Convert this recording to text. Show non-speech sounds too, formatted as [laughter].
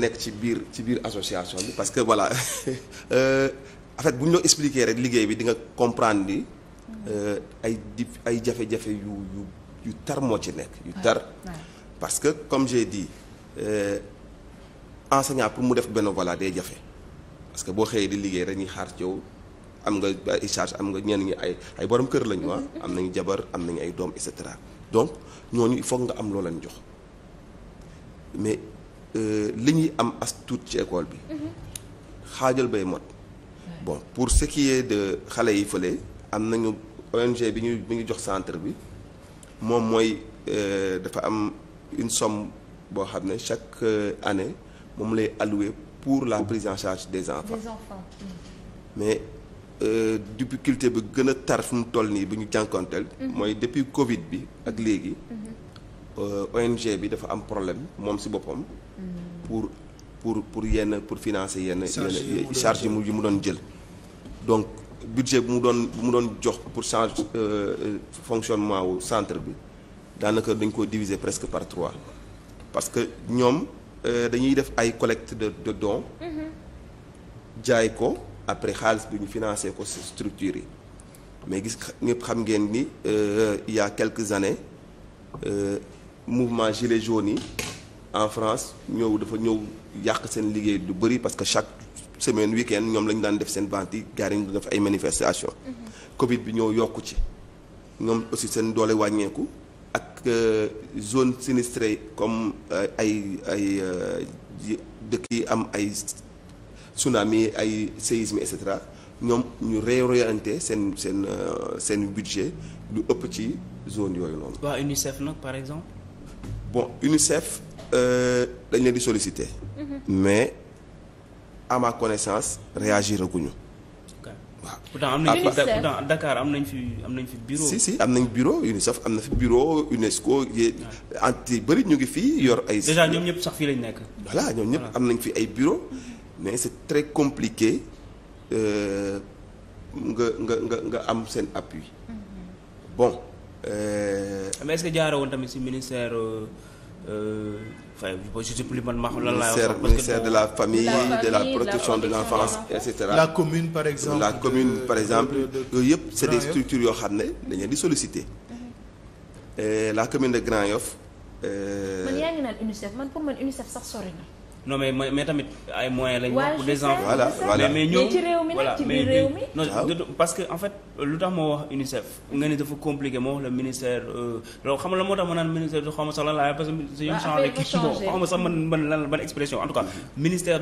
nekk ci biir ci biir association bi parce que voilà [laughs] euh, en fait bu ñu la expliquer rek liggéey bi di nga comprendre ni euh, ay di ay jafe-jafe yu yu yu tar moo ci nekk yu tar parce que comme j'ai dit euh, enseignant pour mu def benn bénévolat day jafe parce que boo xëyee di liggéey rek ñuy xaar ci am nga ay charge am ay ay borom kër lañu waa ah. mm-hmm. am nañu jabar am nañu ay doom et cetera donc ñooñu il nga am loo jox Euh, li ñuy am as ci école bi mhm. xaajal bay mot bon pour ce de xale yi fële am nañu ONG bi ñu bi ñu jox centre bi moom mooy euh, dafa am une somme boo xam ne chaque euh, année moom lay alloué pour la prise en charge des enfants, des mm. mais euh, difficulté bi gën a tar fu mu toll nii bu ñu jànkonteel mhm. mooy depuis Covid bi ak léegi mhm. Euh, ONG bi dafa am problème moom si boppam. pour pour pour yenn pour financer yenn. yenn charge yi mu yi mu doon jël. donc budget bu mu doon mu doon jox pour change euh, euh, fonctionnement wu centre bi daanaka dañ ko diviser presque par trois parce que ñoom dañuy def ay collecte de de mm-hmm. jaay ko après xaalis bu ñu financé ko si structure yi mais gis ñëpp xam ngeen ni il y quelques années. mouvement gilet jaune yi en France ñëw dafa ñëw yàq seen liggéey lu bëri parce que chaque semaine week-end ñoom la ñu daan def seen vente yi gars yi ñu def ay manifestation mhm. Covid bi ñëw yokku ci ñoom aussi seen doole wàññeeku ak euh, zone sinistrée comme euh, ay ay euh, dëkk yi am ay tsunami ay séisme et cetera ñoom ñu réorienté seen seen seen budget lu ëpp ci zone yooyu noonu. waa UNICEF nag par exemple. bon UNICEF euh, dañ leen di solicité mhm. mais à ma connaissance réagir guñu waaw pourtant am nañ fi Dakar am nañ fi am nañ fi bureau. si si am nañ bureau UNICEF am na fi bureau UNESCO yee enti bëri ñu ngi fii yor ay. déjà ñoom ñëpp sax fii lañ nekk. voilà ñoom ñëpp am nañ fi ay bureau mais c'est très compliqué euh, nga nga nga nga am seen appui. Mhm. bon. Euh, mais est-ce que jaaroon tamit ci ministère. Euh, euh, enfin je sais plus man ma lan laa wax. ministère de la famille de la protection de l'enfance et cetera. la commune par exemple. la commune par exemple yooyu yëpp c'est des structures yoo xam ne dañu di solliciter. Mhm. la commune de Grand-Yoff. man yaa ngi naan UNICEF man pour man UNICEF sax sori na. non mais mais tamit ay moyens lañu. pour des enfants voilà voilà mais ñoom ci réew mi nag ci biir réew mi non parce que en fait lu tax moo wax UNICEF nga ni dafa compliqué moo wax le ministère euh, loolu xam nga la moo tax ma naan ministère du xaw ma sax lan laa parce que. waaw affaire yi changé kii bon xaw ma sax man man lan ban expression en tout cas ministère.